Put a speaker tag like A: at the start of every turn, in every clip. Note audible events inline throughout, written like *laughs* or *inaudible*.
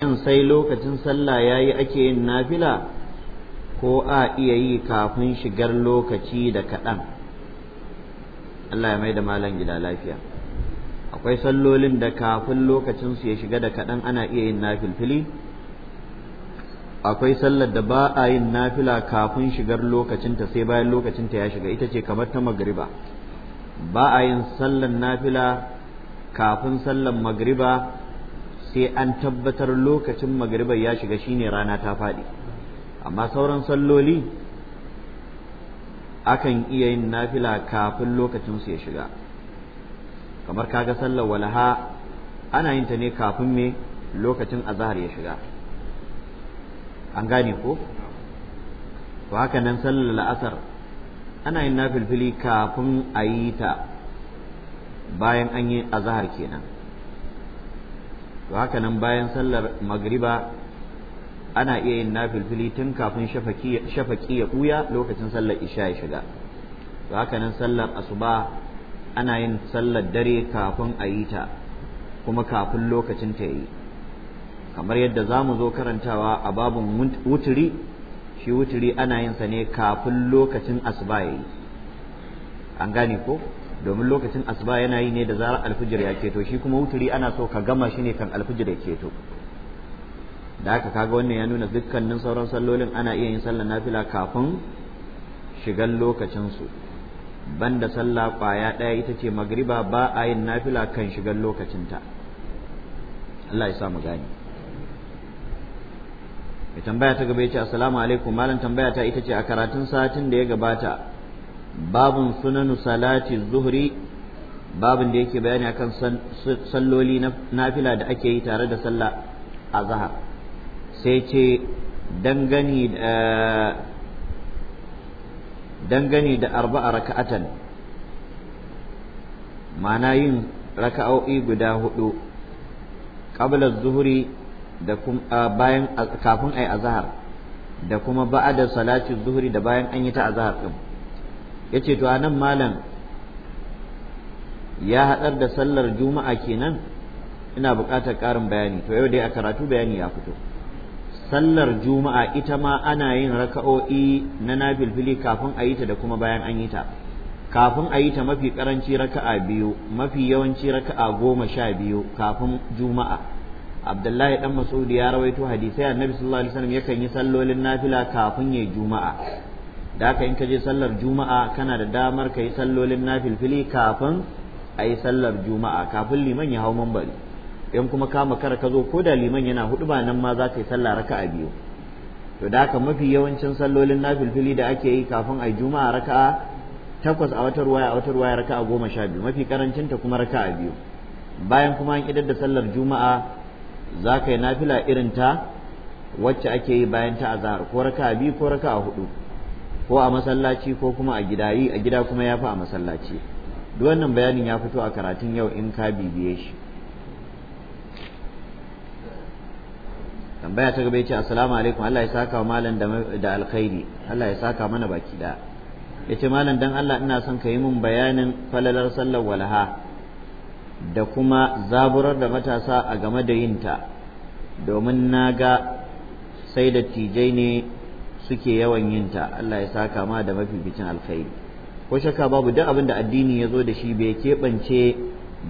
A: shin sai lokacin sallah ya yi ake yin nafila ko a iya yi kafin shigar lokaci da kaɗan Allah ya mai da malam gida lafiya akwai sallolin da kafin lokacin ya shiga da kaɗan ana iya yin nafilfili akwai sallar da ba a yin nafila kafin shigar lokacinta sai bayan lokacinta ya shiga ita ce kamar ta magriba ba a yin sallar nafila kafin sallar magriba sai an tabbatar lokacin magriba ya shiga shine rana ta faɗi amma sauran salloli akan iya yin nafila kafin lokacin su ya shiga kamar kaga sallar walaha ana yin ta ne kafin me lokacin azahar ya shiga an gane ko to haka nan sallar la'asar ana yin nafilfili kafin a yi ta bayan an yi azahar kenan to haka nan bayan sallar magriba ana iya yin nafilfili tun kafin shafaki ya buya lokacin sallar isha ya shiga to haka nan sallar asuba ana yin sallar dare kafin ayita ta kuma kafin lokacin ta yi kamar yadda za mu zo karantawa a babun wuturi shi wuturi ana yin sa ne kafin lokacin asuba ya yi an gane ko domin lokacin asuba yana yi ne da zarar alfijir ya keto shi kuma wuturi ana so ka gama shi ne kan alfijir ya keto da aka kaga wannan ya nuna dukkanin sauran sallolin ana iya yin sallar nafila kafin shigan lokacin su banda sallah kwaya ɗaya ita ce magriba ba a yin nafila kan shigan lokacinta Allah ya sa mu gani tambaya ta gaba ya ce assalamu alaikum malam tambaya ta ita ce a karatun satin da ya gabata babun sunanu salati zuhri babun da yake bayani akan salloli nafila da ake yi tare da sallah a zahar sai ce dangane eh, da dangane da arba'a raka'atan ma'ana yin raka'o'i guda hudu qabla zuhri da kuma bayan kafin ai azhar da kuma ba'da salati zuhuri da bayan an yi ta azhar din yace to anan malam ya haɗar da sallar juma'a kenan ina buƙatar ƙarin bayani to yau dai a karatu bayani ya fito sallar juma'a ita ma ana yin raka'o'i na nafilfili kafin a yi ta da kuma bayan an yi ta kafin a yi ta mafi karanci raka'a biyu mafi yawanci raka'a goma sha biyu kafin juma'a abdullahi dan mas'udi ya rawaito hadisai annabi sallallahu alaihi wasallam yakan yi sallolin nafila kafin yayi juma'a da haka in ka je sallar juma'a kana da damar ka yi sallolin nafilfili kafin a yi sallar juma'a kafin liman ya hau mambari in kuma kama kara ka zo ko da liman yana hudu ba nan ma za ka yi sallah a biyu to da haka mafi yawancin sallolin nafilfili da ake yi kafin a juma'a raka takwas a watar waya a waya raka a goma sha biyu mafi karancin ta kuma a biyu bayan kuma an idar da sallar juma'a za ka yi nafila irin ta wacce ake yi bayan ta zahar ko raka a biyu ko raka a hudu ko a masallaci ko kuma a gida yi a gida kuma ya fi a masallaci duk wannan bayanin ya fito a karatun yau in ka bibiye shi tambaya ta gaba ya ce assalamu alaikum Allah ya saka wa malam da alkhairi Allah ya saka mana baki da ya ce malam dan Allah ina son ka yi min bayanin falalar sallar walaha da kuma zaburar da matasa a game da yinta domin na ga sai dattijai ne suke yawan yin ta Allah ya saka ma da mafificin alkhairi ko shakka babu duk abin da addini ya zo da shi bai keɓance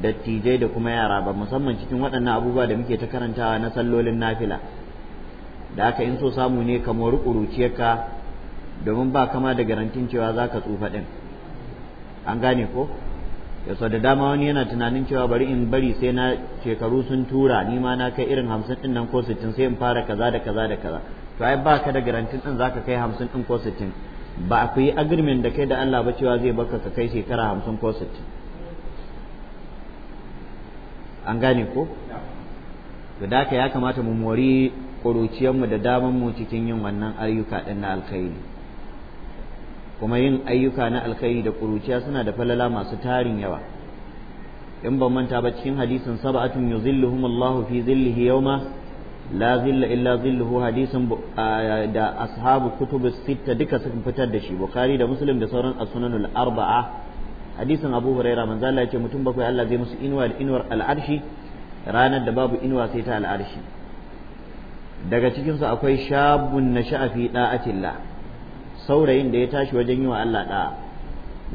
A: dattijai da kuma yara ba musamman cikin waɗannan abubuwa da muke ta karantawa na sallolin nafila da aka in so samu ne ka mori ka domin ba kama da garantin cewa za ka tsufa ɗin an gane ko yasa da dama wani yana tunanin cewa bari in bari sai na shekaru sun tura ni ma na kai irin hamsin ɗin ko sittin sai in fara kaza da kaza da kaza to ai ba ka da garantin din ka kai hamsin din ko sittin ba ku yi agreement da kai da Allah ba cewa zai baka ka kai shekara hamsin ko sittin an gane ko to da ya kamata mu mori ƙuruciyarmu da daman mu cikin yin wannan ayyuka din na alkhairi kuma yin ayyuka na alkhairi da ƙuruciya suna da falala masu tarin yawa in ban manta ba cikin hadisin sab'atun yuzilluhumullahu Allahu fi zillihi yawma la zilla illa zilluhu hadisin da ashabu kutubu sitta duka sun fitar da shi bukhari da muslim da sauran as-sunanul arba'a hadisin abu huraira manzo Allah ce mutum bakwai Allah zai musu inuwa da inuwar al'arshi ranar da babu inuwa sai ta al'arshi daga cikinsu akwai shabun nasha'a fi da'atillah saurayin da ya tashi wajen yi wa Allah da'a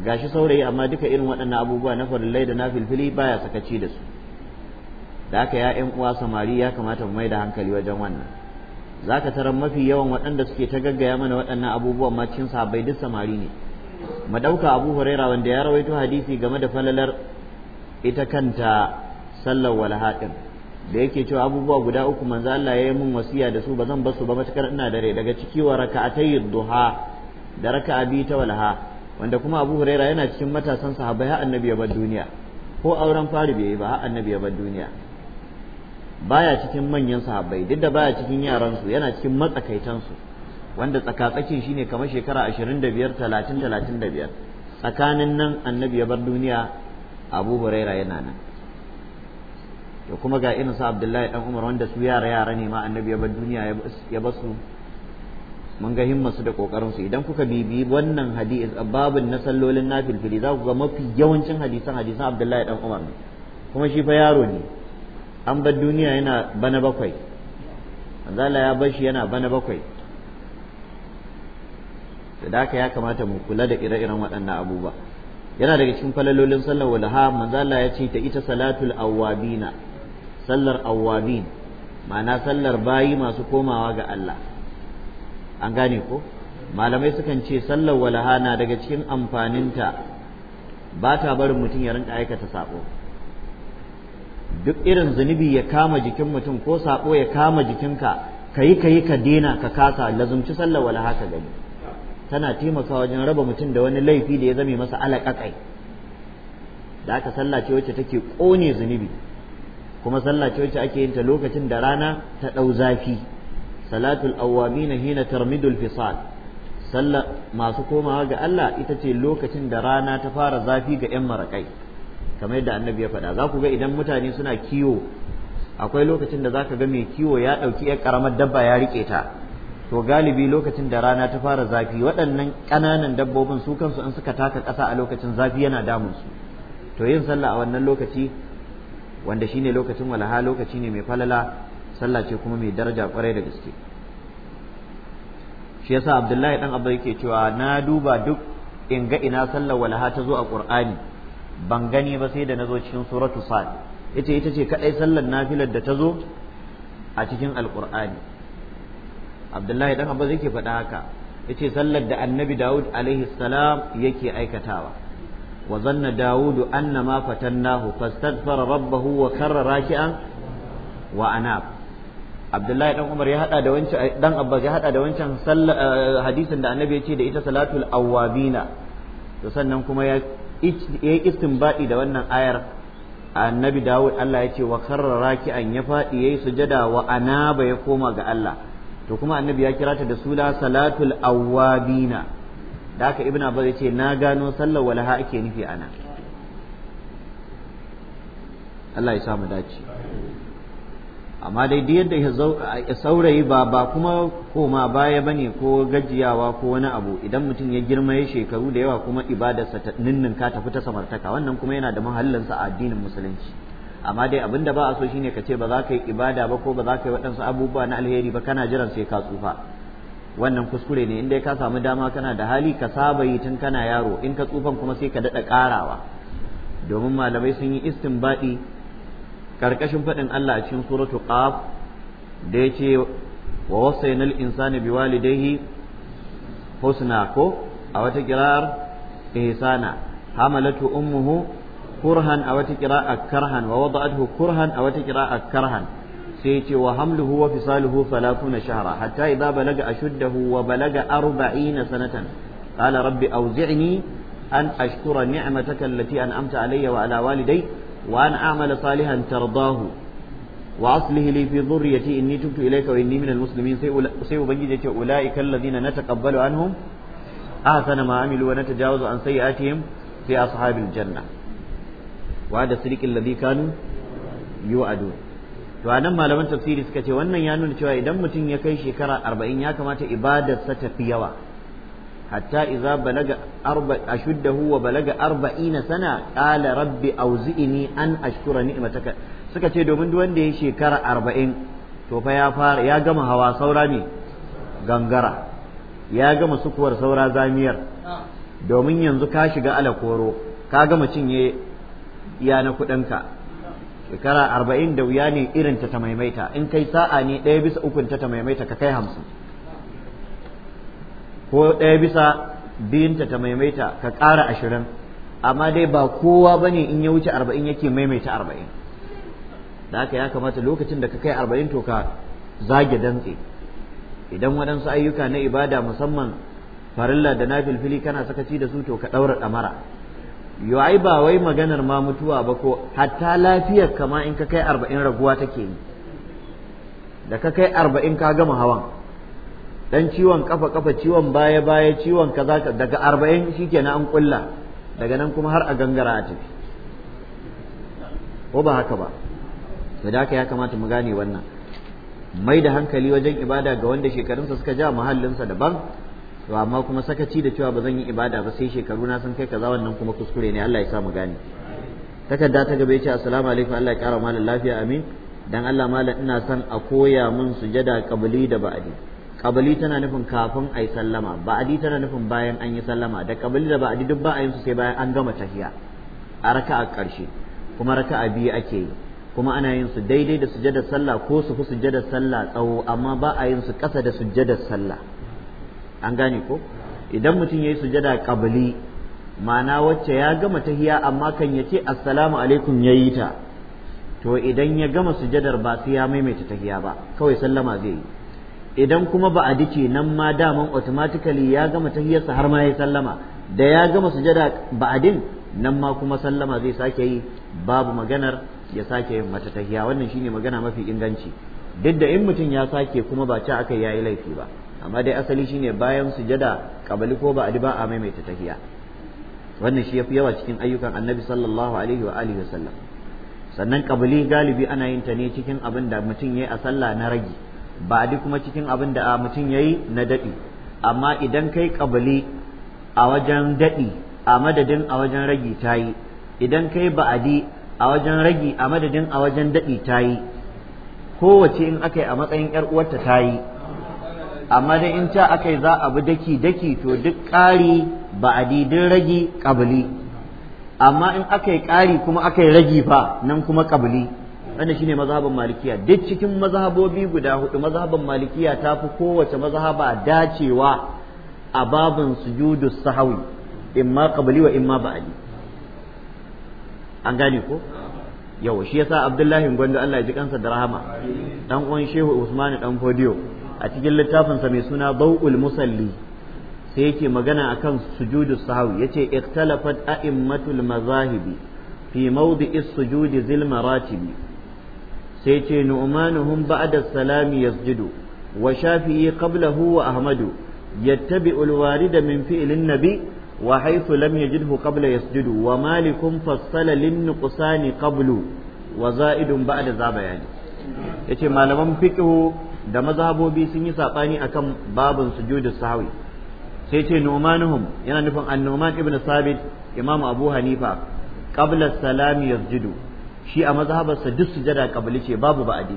A: gashi saurayi amma duka irin waɗannan abubuwa na farillai da na filfili baya sakaci da su da haka ya ƴan uwa samari ya kamata mu mai da hankali wajen wannan za ka tarar mafi yawan waɗanda suke ta gaggaya mana waɗannan abubuwan ma cikin sahabbai duk samari ne mu ɗauka Abu Huraira wanda ya rawaito hadisi game da falalar ita kanta sallar walha ɗin da yake cewa abubuwa guda uku manzo Allah ya yi min wasiya da su ba zan basu ba matakar ina da rai daga ciki wa raka'atay duha da raka'a bi ta walha wanda kuma Abu Huraira yana cikin matasan sahabai har annabi ya bar duniya ko auren fari bai yi ba har annabi ya bar duniya baya cikin manyan sahabbai duk da baya cikin yaransu yana cikin matsakaitansu wanda tsakatsakin shine kamar shekara 25 30 35 tsakanin nan annabi ya bar duniya abu huraira yana nan to kuma ga irin sa abdullahi dan umar wanda su yara yara ne ma annabi ya bar duniya ya basu mun ga himma su da kokarin su idan kuka bibi wannan hadis babin na sallolin nafil fili za ku ga mafi yawancin hadisan hadisan abdullahi dan umar ne kuma shi fa yaro ne an bar duniya yana bana bakwai manzala ya bar yana bana bakwai da haka ya kamata mu kula da ire-iren waɗannan abubuwa yana daga cikin falalolin sallar walha manzala ya ce ta ita salatul awwabina sallar awwabin ma'ana sallar bayi masu komawa ga Allah an gane ko malamai sukan ce sallar walha na daga cikin amfaninta ba ta barin mutum ya rinka aikata sako duk irin zunubi ya kama jikin mutum ko saƙo ya kama jikinka kayi kayi ka dena ka kasa lazumci sallah wala haka gani tana taimakawa wajen raba mutum da wani laifi da ya zame masa alaƙaƙai da aka sallah ce wacce take ƙone zunubi kuma sallah ce wacce ake yin ta lokacin da rana ta ɗau zafi salatul awwabina hina tarmidul fisal sallah masu komawa ga Allah ita ce lokacin da rana ta fara zafi ga 'yan maraƙai kamar yadda annabi ya faɗa za ku ga idan mutane suna kiwo akwai lokacin da za ka ga mai kiwo ya ɗauki yar ƙaramar dabba ya riƙe ta to galibi lokacin da rana ta fara zafi waɗannan ƙananan dabbobin su kansu in suka taka ƙasa a lokacin zafi yana damun su to yin sallah a wannan lokaci wanda shine lokacin walaha lokaci ne mai falala sallah ce kuma mai daraja kwarai da gaske shi yasa abdullahi dan abba yake cewa na duba duk in ga ina sallar walaha ta zo a qur'ani ban gani ba sai da nazo cikin suratu sad ita ita ce kadai sallar nafilar da ta zo a cikin alqur'ani abdullahi dan abbas yake faɗa haka yace sallar da annabi daud alaihi salam yake aikatawa wa zanna daudu anna ma fatannahu fastaghfara rabbahu wa karra raki'an wa anab Abdullahi dan Umar ya hada da wancan dan ya hada da wancan eh, hadisin da Annabi ya ce da ita salatul awabina sannan kuma ya yayi istinbadi da wannan ayar annabi Dawud Allah ya ce wa karra raki'an ya faɗi yayi sujada wa anaba ya koma ga Allah to kuma annabi ya kira ta da sula salatul awwabina da haka ibnu abbas yace na gano sallar walaha ake nufi ana Allah ya sa mu dace amma dai duk yadda ya saurayi ba ba kuma koma baya bane ko gajiyawa ko wani abu idan mutum ya girma ya shekaru da yawa kuma ibadarsa ta ninninka tafi ta samartaka wannan kuma yana da mahallinsa a addinin musulunci amma dai abin da ba a so shine ka ce ba za ka yi ibada ba ko ba za ka yi waɗansu abubuwa na alheri ba kana jiran sai ka tsufa wannan kuskure ne in dai ka samu dama kana da hali ka saba yi tun kana yaro in ka tsufan kuma sai ka daɗa ƙarawa domin malamai sun yi istinbaɗi karkashin faɗin Allah a cikin suratul qaf da yace wa wasaynal insana biwalidayhi husna ko a wata kirar ihsana hamalatu ummuhu kurhan a wata qira'a karhan wa wada'athu kurhan a wata qira'a karhan sai yace wa hamluhu wa fisaluhu 30 shahra hatta idza balaga ashuddahu wa balaga 40 sanatan qala rabbi awzi'ni an ashkura ni'mataka allati an'amta alayya wa ala walidayya وأن أعمل صالحا ترضاه وأصله لي في ذريتي إني تبت إليك وإني من المسلمين سيء بنجدة أولئك الذين نتقبل عنهم أحسن ما عملوا ونتجاوز عن سيئاتهم في أصحاب الجنة وهذا السريك الذي كانوا يوعدون to anan malaman tafsiri suka ce wannan ya nuna cewa idan mutum ya kai shekara arba'in ya kamata ibadarsa ta fi yawa حتى إذا بلغ أربع أشده وبلغ أربعين سنة قال ربي أوزئني أن أشكر نعمتك سكتي دومن دوان دي شكر أربعين to fa ya fara ya gama hawa saura ne gangara ya gama sukuwar saura zamiyar domin yanzu ka shiga ala koro ka gama cinye iya na ka shekara arba'in da wuya ne irin ta ta maimaita in kai sa'a ne ɗaya bisa ukun ta ta maimaita ka kai hamsin ko ɗaya bisa biyunta ta maimaita ka ƙara ashirin amma dai ba kowa ba ne in ya wuce arba'in yake maimaita arba'in da haka ya kamata lokacin da ka kai arba'in to ka zage dantse idan waɗansu ayyuka na ibada musamman farilla da na filfili kana sakaci da su to ka ɗaura ɗamara yo ai ba wai maganar ma mutuwa ba ko hatta lafiyar kama in ka kai arba'in raguwa take yi da ka kai arba'in ka gama hawan dan ciwon kafa kafa ciwon baya baya ciwon kaza daga arba'in shikenan an kulla daga nan kuma har a gangara a tafi ko ba haka ba to da haka ya kamata mu gane wannan mai da hankali wajen ibada ga wanda shekarunsa suka ja muhallinsa daban to amma kuma sakaci da cewa ba zan yi ibada ba sai shekaru na san kai kaza wannan kuma kuskure ne Allah ya sa mu gane takarda ta gaba yace assalamu alaikum Allah ya kara malam lafiya amin dan Allah malam ina son a koya mun sujada qabli da ba'di qabli tana nufin kafin ayi sallama ba'adi tana nufin bayan an yi sallama da qabli da adi duk ba a yin su sai bayan an gama tahiya a raka'a ƙarshe kuma raka'a biyu ake yi kuma ana yin su daidai da sujjadar sallah ko su fi sujjadar sallah tsawo amma ba a yin su ƙasa da sujjadar sallah an gane ko idan mutum ya yi sujjada qabli ma'ana wacce ya gama tahiya amma kan ya ce assalamu alaikum ya yi ta to idan ya gama sujadar ba sai ya maimaita tahiya ba kawai sallama zai yi idan kuma ba a nan ma daman automatically ya gama tahiyarsa har ma ya sallama da ya gama sujada ba'adin nan ma kuma sallama zai sake yi babu maganar ya sake yin mata tahiya wannan shine magana mafi inganci duk da in mutum ya sake kuma ba ta aka yayi laifi ba amma dai asali shine bayan sujada kabali ko ba a maimaita tahiya wannan shi yafi yawa cikin ayyukan annabi sallallahu alaihi wa alihi wasallam sannan kabali galibi ana yin ta ne cikin abin da mutum yayi a sallah na ragi ba duk kuma cikin abin da ah, mutum ya yi na daɗi amma idan kai ƙabali a wajen daɗi a madadin a wajen ragi ta yi idan kai ba'adi a wajen ragi a madadin a wajen daɗi ta yi kowace in aka yi a matsayin ‘yar uwarta ta yi amma dai in ta aka yi za a bi daki daki to duk ƙari ba'adi duk ragi ƙabali amma in aka yi ƙari kuma aka yi ragi fa nan kuma ƙabali ana shine mazhaban malikiya duk cikin mazhabobi guda hudu mazhaban malikiya ta fi kowace mazhaba dacewa a babin sujudu sahawi imma qabli wa imma ba'di an gane ko yau shi yasa abdullahi gwanda Allah ya ji kansa da rahama dan uwan shehu usman dan fodiyo a cikin littafinsa mai suna bau'ul musalli sai yake magana akan sujudu sahawi yace ikhtalafat a'immatul mazahibi fi mawdi'is sujudi zil maratibi sai ce nu'manuhum ba'da salami yasjudu wa shafi'i qablahu wa ahmadu yattabi'u alwarida min fi'lin nabi wa haythu lam yajidhu qabla yasjudu wa malikun fassala lin nuqsani qablu wa za'idun ba'da za bayani yace malaman fiqhu da mazhabobi sun yi sabani akan babun sujudu sahwi sai ce numanuhum yana nufin annuman ibnu sabit imam abu hanifa qabla salami yasjudu shi a mazhabarsa duk sujada kabali ce babu ba'adi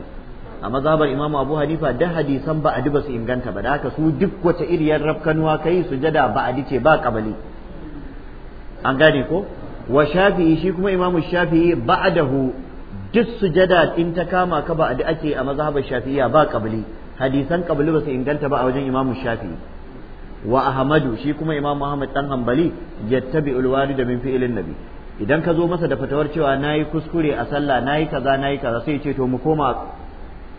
A: a mazhabar imamu abu hanifa da hadisan ba'adi ba su inganta ba da haka su duk wata iriyar rafkanuwa kai sujada ba'adi ce ba kabali an gane ko wa shafi'i shi kuma imamu shafi'i ba'adahu duk sujada in ta kama ka ba'adi ake a mazhabar shafi'iyya ba kabali hadisan kabali ba su inganta ba a wajen imamu shafi'i wa ahmadu shi kuma imam muhammad dan hanbali yattabi ulwari da min fi'ilin nabi idan ka zo masa da fatawar cewa yi kuskure a sallah na nayi kaza nayi kaza sai ce to mu koma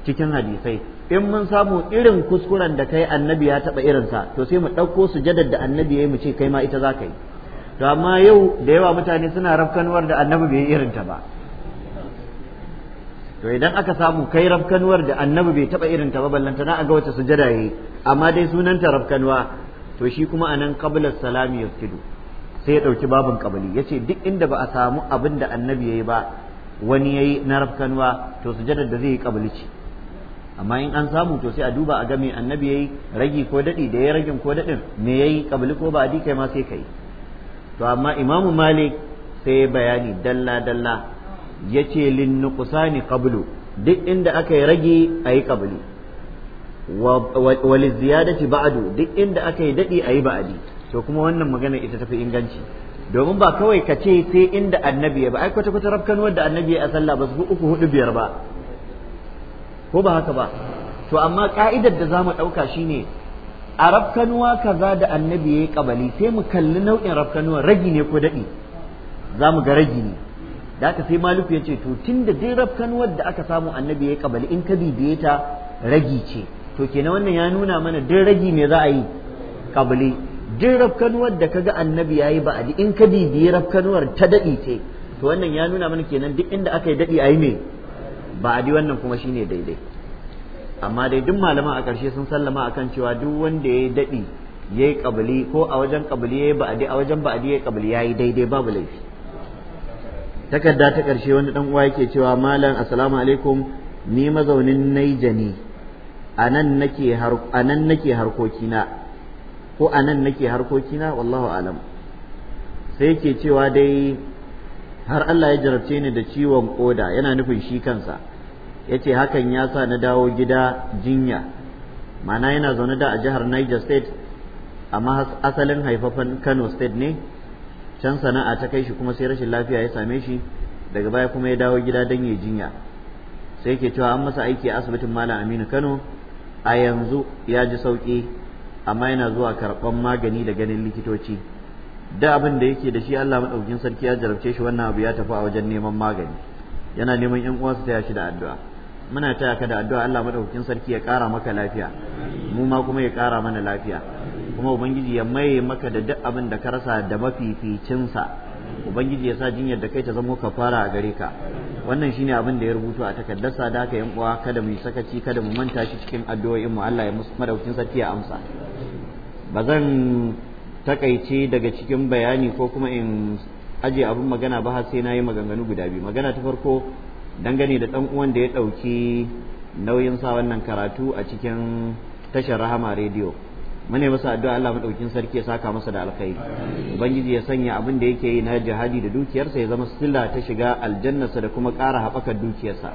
A: cikin hadisai in mun samu irin kuskuren da kai annabi ya taba irinsa to sai mu ɗauko sujadar da annabi ya yi mu ce kai ma ita za ka yi to amma yau da yawa mutane suna rafkanuwar da annabi bai irinta ba to idan aka samu kai rafkanuwar da annabi bai taba irinta ba ballantana a ga wata sujada yayi amma dai sunanta rafkanuwa to shi kuma anan qabla salami yaskidu sai ya ɗauki babin kabali ya ce duk inda ba a samu abin da annabi ya ba wani ya yi na rafkanwa to su da zai yi kabali ce amma in an samu to sai a duba a ga me annabi ya yi ragi ko daɗi da ya ragin ko daɗin me ya yi kabali ko ba a kai ma sai kai to amma imamu malik sai bayani dalla dalla ya ce lin nuqsani qablu duk inda aka yi ragi a yi kabali wa liziyadati ba'du duk inda aka yi daɗi a yi ba'adi to kuma wannan magana ita tafi inganci domin ba kawai ka ce sai inda annabi ya ba ai kwata kwata rafkan wanda annabi ya sallah ba su uku hudu biyar ba ko ba haka ba to amma ka'idar da zamu dauka shine a rafkanuwa kaza da annabi yi kabali sai mu kalli nau'in rafkanuwa ragi ne ko dadi zamu ga ragi ne da sai maliku ya ce to tun da dai rafkanuwar da aka samu annabi yi kabali in ka bibiye ta ragi ce to kenan wannan ya nuna mana dai ragi ne za a yi kabali duk rafkanuwar da kaga annabi yayi ba'adi in ka bibiyi rafkanuwar ta daɗi ce to wannan ya nuna mana kenan duk inda aka yi dadi ayi me ba'adi wannan kuma shine daidai amma dai duk malama a ƙarshe sun sallama akan cewa duk wanda yayi dadi yayi kabili ko a wajen ya yayi ba'adi a wajen ba'adi yayi ya yayi daidai babu laifi takarda ta ƙarshe wani dan uwa yake cewa malam assalamu alaikum ni mazaunin naija ne a nan nake harkokina ko a nan nake harkokina wallahu alam sai yake cewa dai har Allah ya jarabce ni da ciwon koda yana nufin shi kansa yace hakan ya sa na dawo gida jinya mana yana zaune da a jihar Niger State amma asalin haifafan Kano State ne can sana'a ta kai shi kuma sai rashin lafiya ya same shi daga baya kuma ya dawo gida don ya jinya sai yake cewa an masa aiki a asibitin Malam Aminu Kano a yanzu ya ji sauki amma yana zuwa karɓan magani da ganin likitoci da abin da yake da shi Allah madaukin sarki ya jarabce shi wannan abu ya tafi a wajen neman magani yana neman yan uwansa taya shi da addu'a muna taya ka da addu'a Allah madaukin sarki ya kara maka lafiya mu ma kuma ya kara mana lafiya kuma ubangiji ya maye maka da duk abin da ka rasa da mafificin sa ubangiji ya sa jinyar da kai ta zamo kafara a gare ka wannan shine abin da ya rubuto a takardar da yan uwa kada mu yi sakaci kada mu manta shi cikin addu'o'in mu Allah ya madaukin sarki ya amsa ba zan takaice daga cikin bayani ko kuma in aje abin magana ba har sai na yi maganganu guda biyu magana ta farko dangane da ɗan uwan da ya ɗauki nauyin sa wannan karatu a cikin tashar rahama rediyo mune masa addu'a Allah madaukin sarki ya saka masa da alkhairi ubangiji ya sanya abin da yake yi na jihadi da dukiyarsa ya zama silla ta shiga aljannarsa da kuma ƙara haɓakar dukiyarsa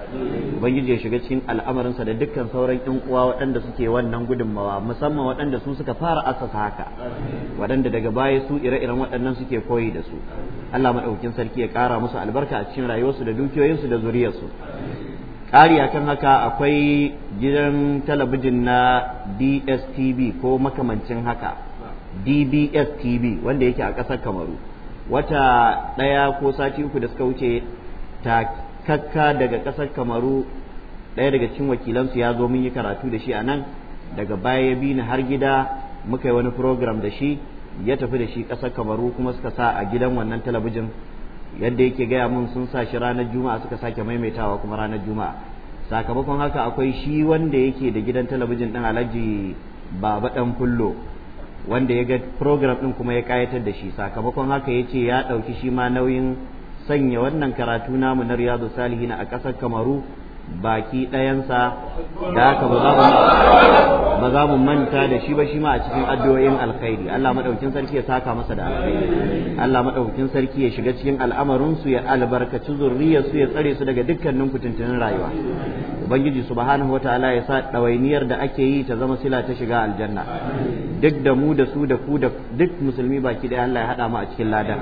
A: ubangiji ya shiga cikin al'amarinsa da dukkan sauran ƴan uwa waɗanda suke wannan gudunmawa musamman waɗanda su suka fara asasa haka waɗanda daga baya su ire-iren waɗannan suke koyi da su Allah madaukin sarki ya ƙara musu albarka a cikin rayuwarsu da dukiyoyinsu da zuriyarsu ƙariya akan haka akwai gidan talabijin na dstv ko makamancin haka dbstv wanda yake a ƙasar kamaru wata ɗaya ko sati uku da suka wuce ta takakka daga ƙasar kamaru ɗaya daga cikin wakilansu ya zo mun yi karatu da shi a nan daga baya ya bi ni har gida muka yi wani program da shi ya tafi da shi ƙasar kamaru kuma suka sa a gidan wannan talabijin yadda yake gaya mun sun sa shi ranar juma'a suka sake maimaitawa kuma ranar juma'a sakamakon haka akwai shi wanda yake da gidan talabijin ɗin alhaji baba dan kullo wanda ya ga program ɗin kuma ya kayatar da shi sakamakon haka ya ce ya ɗauki shi ma nauyin sanya wannan karatu namu na riyadu salihin a ƙasar kamaru baki ɗayansa da haka ba za mu manta da shi ba shi ma a cikin addu'o'in alkhairi Allah madaukakin sarki ya saka masa da alkhairi Allah madaukakin sarki ya shiga cikin al'amarin su ya albarkaci zurriyar su ya tsare su daga dukkanin fitintunin rayuwa ubangiji subhanahu wataala ya sa ɗawainiyar da ake yi ta zama sila ta shiga aljanna duk da mu da su da ku da duk musulmi baki ɗaya Allah ya haɗa mu a cikin ladan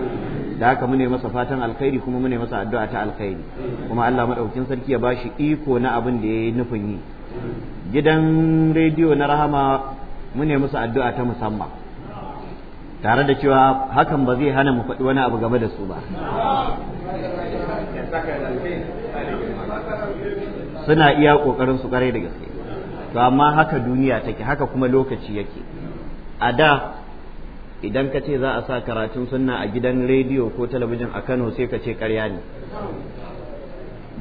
A: da haka mune masa fatan alkhairi kuma mune masa addu'a ta alkhairi kuma Allah madaukakin sarki ya bashi iko na abin da yayi nufin yi gidan rediyo na rahama mune masa addu'a ta musamman tare da cewa hakan ba zai hana mu faɗi wani abu game da su ba suna iya ƙoƙarin su ƙarai da gaske to amma haka duniya take haka kuma lokaci yake a da idan ka ce za a sa karatun sunna a gidan rediyo ko talabijin a Kano sai ka ce karya ne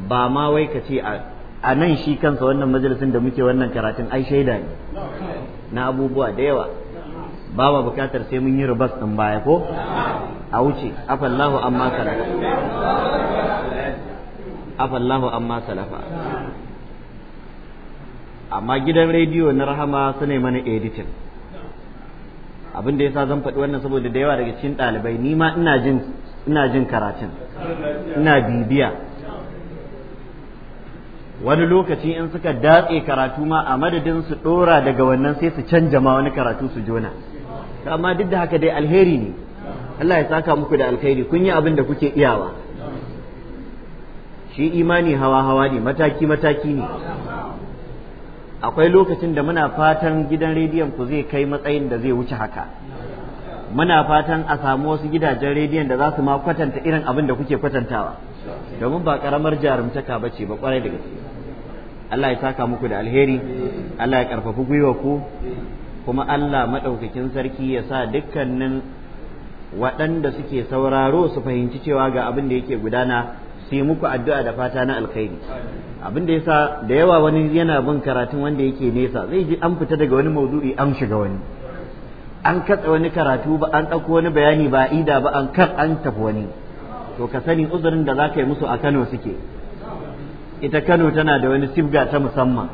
A: ba ma wai ka ce a nan shi kansa wannan majalisin da muke wannan karatun ai shaida ne na abubuwa da yawa ba ma bukatar sai mun yi rubas ɗin baya ko a wuce afallahu amma salafa afallahu amma gidan rediyo na rahama su ne mana editin abin da yasa zan faɗi wannan saboda da yawa daga cikin ɗalibai ni ma ina jin ina jin karatun ina bibiya wani lokaci in suka datse karatu ma a madadin su ɗora daga wannan sai su canja ma wani karatu su jona amma duk da haka dai alheri ne Allah ya saka muku da alheri kun yi abin da kuke iyawa shi imani hawa hawa ne mataki mataki ne akwai lokacin da muna fatan gidan rediyon ku zai kai matsayin da zai wuce haka muna fatan a samu wasu gidajen rediyon da za su ma kwatanta irin abin da kuke kwatantawa domin ba karamar jarumtaka ba ce ba kwarai da gaske Allah ya saka muku da alheri Allah ya karfafi gwiwa ku kuma Allah madaukakin sarki ya sa dukkanin waɗanda suke sauraro su fahimci cewa ga abin da yake gudana sai muku addu'a da fata na alkhairi abin da yasa da yawa wani yana bin karatun wanda yake nesa zai ji an fita daga wani maudu'i an shiga wani an katsa wani karatu ba an ɗauko wani bayani ba ida ba an kar an tafi wani to ka sani uzurin da za ka yi musu a Kano suke ita Kano tana da wani sibga ta musamman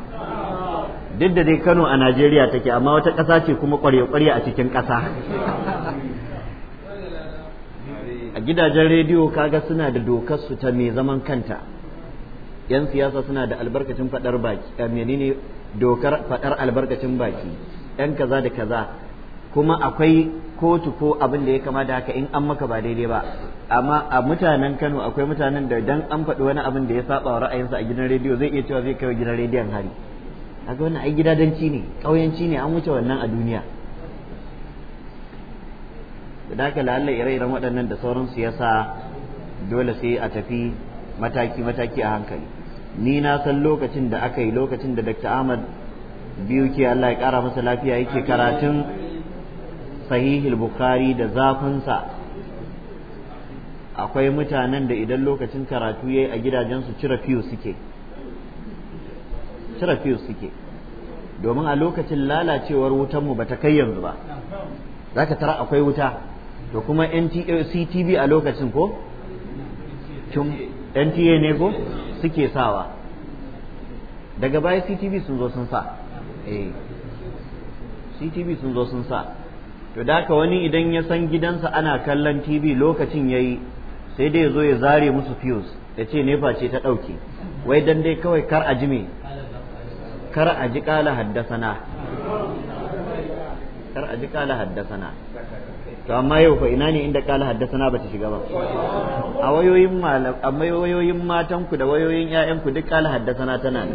A: duk da dai Kano a Najeriya take amma wata ƙasa ce kuma ƙwarya-ƙwarya a cikin ƙasa
B: *laughs* a gidajen
A: rediyo kaga suna da dokar su ta mai zaman kanta yan siyasa suna da albarkacin fadar baki eh, menene dokar fadar albarkacin baki yan kaza da kaza kuma akwai kotu ko abin da ya kama da haka in an maka ba daidai ba amma a mutanen Kano akwai mutanen da dan an faɗi wani abin da ya saba wa ra'ayinsa a gidan rediyo zai iya cewa zai kai gidan rediyon hari kaga wannan ai gidadanci ne ƙauyanci ne an wuce wannan a duniya da haka lalle ire-iren waɗannan da sauransu ya sa dole sai a tafi mataki-mataki a hankali ni na san lokacin da aka yi lokacin da dr ahmad biyu ke allah ya ƙara masa lafiya yake karatun sahihil bukhari da zafinsa akwai mutanen da idan lokacin karatu ya yi a gidajensu cire fiyo suke cire fiyo suke domin a lokacin lalacewar wutanmu ba ta kai yanzu ba za ka tara akwai wuta to kuma NTCTV a lokacin ko NTA ne ko suke sawa daga baya CTV sun zo sun sa eh CTV sun zo sun sa to da wani idan ya san gidansa ana kallon TV lokacin ya yi sai dai ya zo ya zare musu fuse ya ce nefa ce ta ɗauke wai dan dai kawai kar a ji me kar a ji kala na kar a ji kala na. to amma yau fa ina ne inda kala haddasana ba ta shiga ba a wayoyin malam amma wayoyin matan ku da wayoyin ƴaƴan ku duk kala na tana nan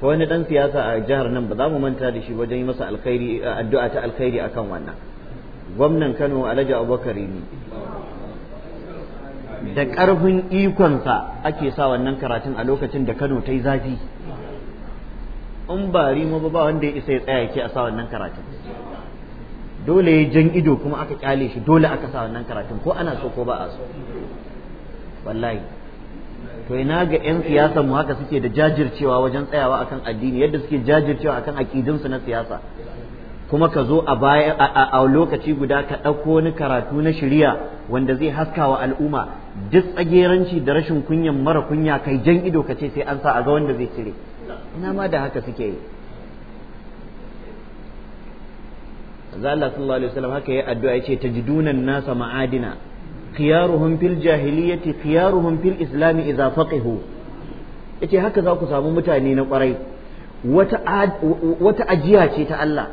A: Ko wani dan siyasa a jihar nan ba za mu manta da shi wajen yi masa alkhairi addu'a ta alkhairi akan wannan gwamnan Kano Alhaji Abubakar ne
B: da karfin
A: ikonsa ake sa wannan karatun a lokacin da Kano ta yi zafi in ba ba ba wanda ya isa ya tsaya ke a sa wannan karatun dole ya jan ido kuma aka kyale shi dole aka sa wannan karatun ko ana so ko ba a so wallahi to ina ga yan siyasa mu haka suke da jajircewa wajen tsayawa akan addini yadda suke jajircewa akan su na siyasa kuma ka zo a baya a lokaci guda ka ɗauko wani karatu na shirya wanda zai haska wa al'umma duk tsageranci da rashin kunyan mara kunya kai jan ido ka ce sai an sa a ga wanda zai cire ina ma da haka suke yi manzo Allah sallallahu alaihi wasallam haka yayi addu'a yace tajiduna nasa ma'adina khiyaruhum fil jahiliyyati khiyaruhum fil islam idza faqihu yace haka za ku samu mutane na kwarai wata wata ajiya ce ta Allah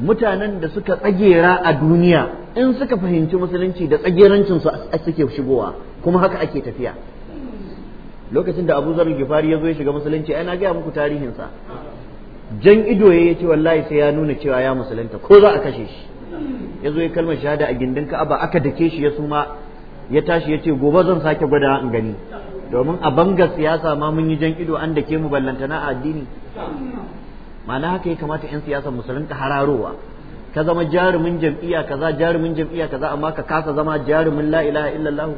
A: mutanen da suka tsagera a duniya in suka fahimci musulunci da tsagerancin su suke shigowa kuma haka ake tafiya lokacin da Abu Zar Gifari ya zo ya shiga musulunci ai na ga muku tarihin sa jan ido ya ce wallahi sai ya nuna cewa ya musulunta ko za a kashe shi ya zo ya kalmar shahada a gindin ka'aba aka dake shi ya suma ya tashi ya ce gobe zan sake gwada in gani domin a banga siyasa ma mun yi jan ido an dake mu ballanta a addini ma'ana haka ya kamata 'yan siyasa musulunta hararowa ka zama jarumin jam'iyya kaza jarumin jam'iyya kaza amma ka kasa zama jarumin la ilaha illallah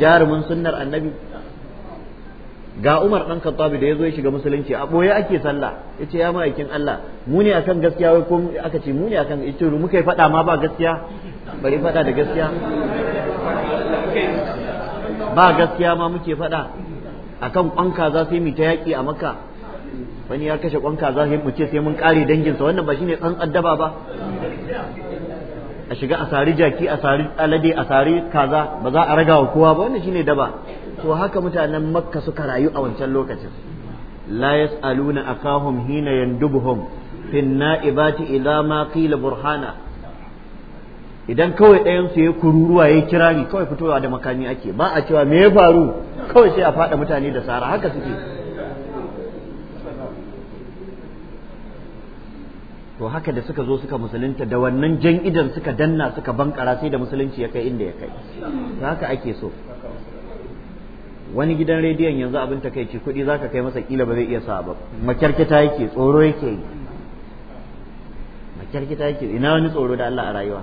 A: jarumin sunnar annabi ga Umar dan Khattabi da yazo ya shiga musulunci a boye ake sallah yace ya ma'aikin Allah mu ne akan gaskiya wai ko aka ce mu ne akan yace muka yi fada ma ba gaskiya bari fada da gaskiya
B: ba gaskiya ma
A: muke fada akan kwanka za sai mu ta yaki a maka wani ya kashe kwanka za su mu ce sai mun kare danginsa wannan ba shine tsan addaba ba a shiga a sari jaki a sari alade a sari kaza ba za a raga wa kowa ba wannan shine daba to haka mutanen makka suka rayu a wancan lokacin la yas'aluna akahum hina yandubuhum fin na'ibati idza ma qila burhana idan kawai ɗayan su ya kururuwa ya kirari kawai fitowa da makami ake ba a cewa me ya faru kawai sai a fada mutane da sara haka suke to haka da suka zo suka musulunta da wannan jan idan suka danna suka bankara sai da musulunci ya kai inda ya kai haka ake so wani gidan rediyon yanzu abin ta kai kuɗi za ka kai masa kila ba zai iya sa ba makyarkita yake tsoro yake yi makyarkita yake ina wani tsoro da Allah a rayuwa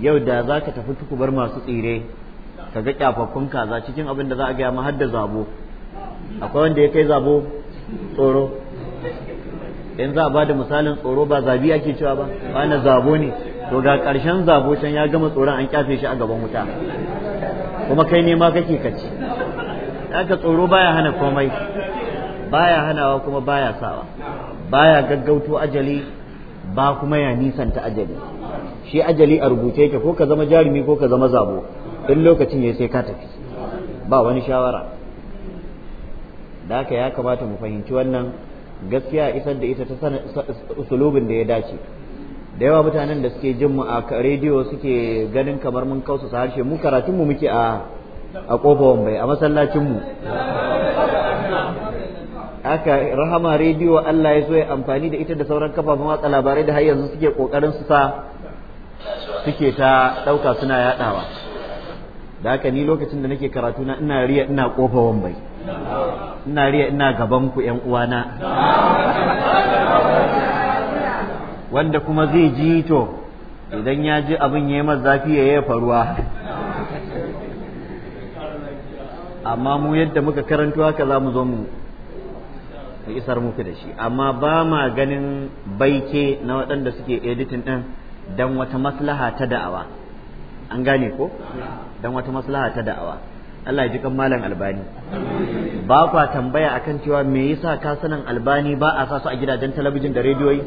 A: yau da za ka tafi tukubar masu tsire ka ga kyafaffun kaza cikin abin da za a gaya har da zabo akwai wanda ya kai zabo tsoro in za a ba da misalin tsoro ba zabi ake cewa ba ba na zabo ne to ga ƙarshen zabo ya gama tsoron an kyafe shi a gaban wuta kuma kai ne ma kake kaci ka tsoro baya hana komai baya hanawa kuma baya sawa baya gaggauto ajali ba kuma ya nisanta ajali shi ajali a rubuce yake ko ka zama jarumi ko ka zama zabo in lokacin ya sai ka tafi ba wani shawara da haka ya kamata mu fahimci wannan gaskiya isar da ita ta usulubin da ya dace da yawa mutanen da suke jin mu a rediyo suke ganin kamar mun kausa harshe mu karatun mu muke a a kofar bai a masallacin mu aka rahama rediyo Allah ya so ya amfani da ita da sauran kafafen watsa labarai da har yanzu suke kokarin su sa suke ta dauka suna yadawa da haka ni lokacin da nake karatu na ina riya ina kofa wambai ina riya ina gaban ku yan uwana wanda kuma zai ji to idan ya ji abin ya yi zafi ya yi faruwa amma mu yadda muka karanto haka za mu zo mu isar muku da shi amma ba ma ganin baike na waɗanda suke editin ɗin don wata maslaha ta da'awa an gane ko don wata maslaha ta da'awa Allah ya ji kan malam albani ba kwa tambaya akan cewa me yasa ka sanin albani ba a sa a gidajen talabijin da rediyoyi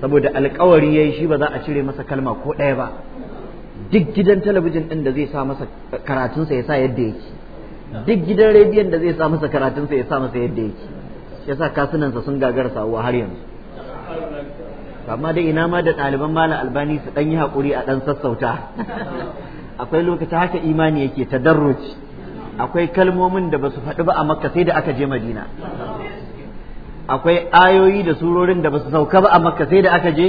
A: saboda alkawari yayi shi ba za a cire masa kalma ko ɗaya ba duk gidan talabijin ɗin da zai sa masa karatunsa ya sa yadda yake duk gidan rediyon da zai sa masa karatunsa ya sa masa yadda yake ya yasa kasunansa sun gagara sawuwa har yanzu amma da ina ma da ɗaliban malam albani su ɗan yi haƙuri a ɗan sassauta *laughs* akwai lokaci haka imani yake tadarruci akwai kalmomin da ba su faɗi ba a makka sai da aka je madina akwai ayoyi da surorin da ba su sauka ba a makka sai da aka je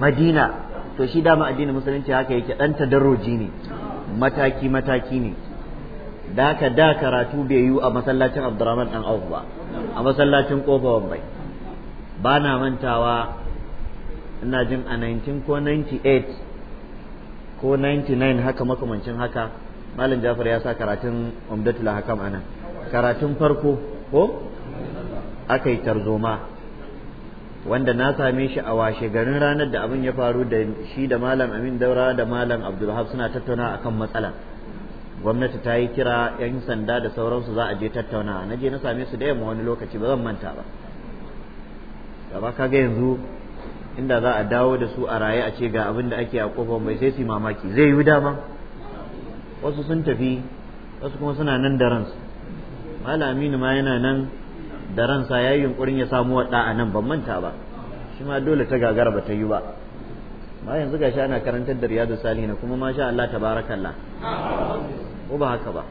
A: madina to shi dama addinin musulunci haka yake dan tadarruji ne mataki mataki ne da ka da karatu bai yiwu a masallacin abdurrahman dan auf ba a masallacin kofa bai ba na mantawa ina jin a 19 ko 98 ko 99 haka makamancin haka malam jafar ya sa karatun umdatul hakam anan karatun farko ko aka tarzoma wanda na same shi a washe garin ranar da abin ya faru da shi da malam amin daura da malam abdulhab suna tattauna akan matsala gwamnati ta yi kira yan sanda da sauransu za a je tattauna na je na same su da yamma wani lokaci ba zan manta ba gaba ga yanzu inda za a dawo da su a raye a ce ga abin da ake a kofar bai sai su mamaki zai yi dama wasu sun tafi wasu kuma suna nan da ransu malam aminu ma yana nan da ransa ya yi yunkurin ya samu waɗa a nan ban manta ba shi ma dole ta gagara ba ta yi ba ma yanzu ga shi ana karantar da riyadu salihina kuma ma sha Allah tabarakallah ko ba haka ba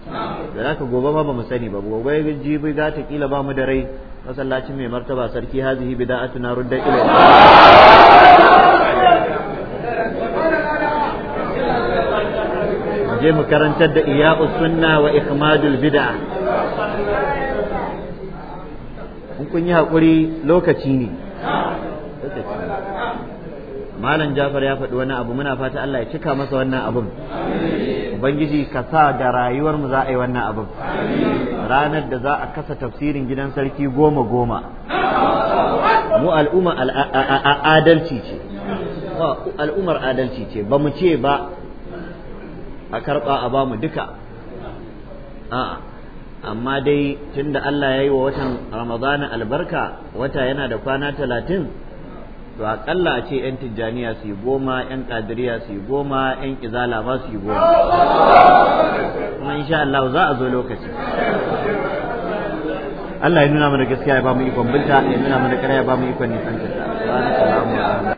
A: da haka gobe ba mu sani ba gobe jibi za ta kila ba mu da rai masallacin mai martaba sarki hazihi na rudda ila je mu karantar da iya sunna wa ikhmadul
B: bid'ah
A: in kun yi haƙuri lokaci ne malam jafar ya faɗi wani abu muna fata Allah ya cika masa wannan abun ubangiji ka sa da rayuwar mu za a yi wannan abun ranar da za a kasa tafsirin gidan sarki goma goma mu al'umma adalci ce al'ummar adalci ce ba mu ce ba a karɓa a ba mu duka amma dai tunda Allah ya yi wa watan ramadana albarka wata yana da kwana talatin to akalla a ce 'yan tijjaniya su yi goma 'yan ƙadiriya su yi goma 'yan izala ma su yi goma kuma insha Allah za a zo lokaci Allah ya nuna mana gaskiya ya ba mu ikon binta ya nuna mana ƙarya ya ba mu ikon nisan
B: ta